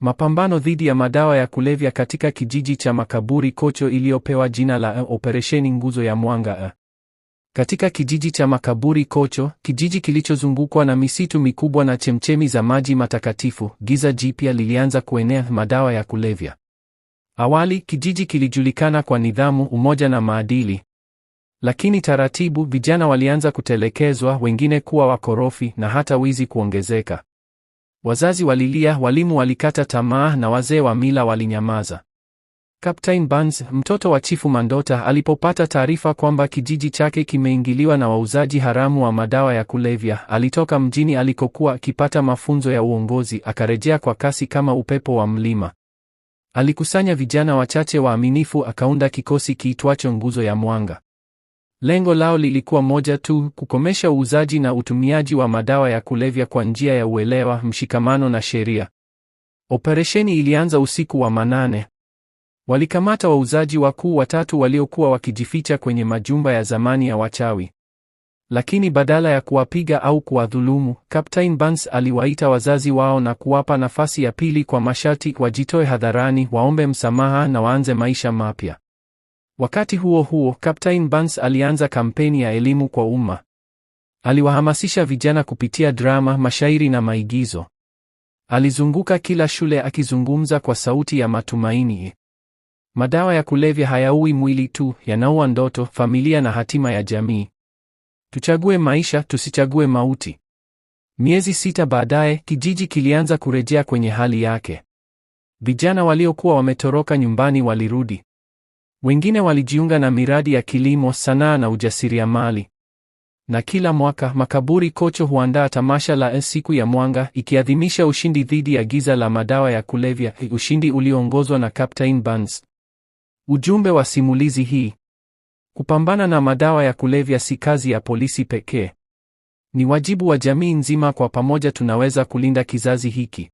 Mapambano dhidi ya madawa ya kulevya katika kijiji cha Makaburi Kocho iliyopewa jina la eh, Operesheni Nguzo ya Mwanga. Eh. Katika kijiji cha Makaburi Kocho, kijiji kilichozungukwa na misitu mikubwa na chemchemi za maji matakatifu, giza jipya lilianza kuenea madawa ya kulevya. Awali kijiji kilijulikana kwa nidhamu, umoja na maadili. Lakini taratibu vijana walianza kutelekezwa, wengine kuwa wakorofi na hata wizi kuongezeka. Wazazi walilia, walimu walikata tamaa na wazee wa mila walinyamaza. Captain Burns, mtoto wa Chifu Mandota, alipopata taarifa kwamba kijiji chake kimeingiliwa na wauzaji haramu wa madawa ya kulevya, alitoka mjini alikokuwa akipata mafunzo ya uongozi, akarejea kwa kasi kama upepo wa mlima. Alikusanya vijana wachache waaminifu, akaunda kikosi kiitwacho Nguzo ya Mwanga. Lengo lao lilikuwa moja tu, kukomesha uuzaji na utumiaji wa madawa ya kulevya kwa njia ya uelewa, mshikamano na sheria. Operesheni ilianza usiku wa manane. Walikamata wauzaji wakuu watatu waliokuwa wakijificha kwenye majumba ya zamani ya wachawi. Lakini badala ya kuwapiga au kuwadhulumu, Captain Burns aliwaita wazazi wao na kuwapa nafasi ya pili kwa masharti wajitoe hadharani, waombe msamaha na waanze maisha mapya. Wakati huo huo, Captain Banks alianza kampeni ya elimu kwa umma. Aliwahamasisha vijana kupitia drama, mashairi na maigizo. Alizunguka kila shule akizungumza kwa sauti ya matumaini. Madawa ya kulevya hayaui mwili tu, yanaua ndoto, familia na hatima ya jamii. Tuchague maisha, tusichague mauti. Miezi sita baadaye, kijiji kilianza kurejea kwenye hali yake. Vijana waliokuwa wametoroka nyumbani walirudi. Wengine walijiunga na miradi ya kilimo, sanaa na ujasiriamali. Na kila mwaka makaburi Kocho huandaa tamasha la siku ya mwanga, ikiadhimisha ushindi dhidi ya giza la madawa ya kulevya, ushindi ulioongozwa na Captain Burns. Ujumbe wa simulizi hii: kupambana na madawa ya kulevya si kazi ya polisi pekee, ni wajibu wa jamii nzima. Kwa pamoja tunaweza kulinda kizazi hiki.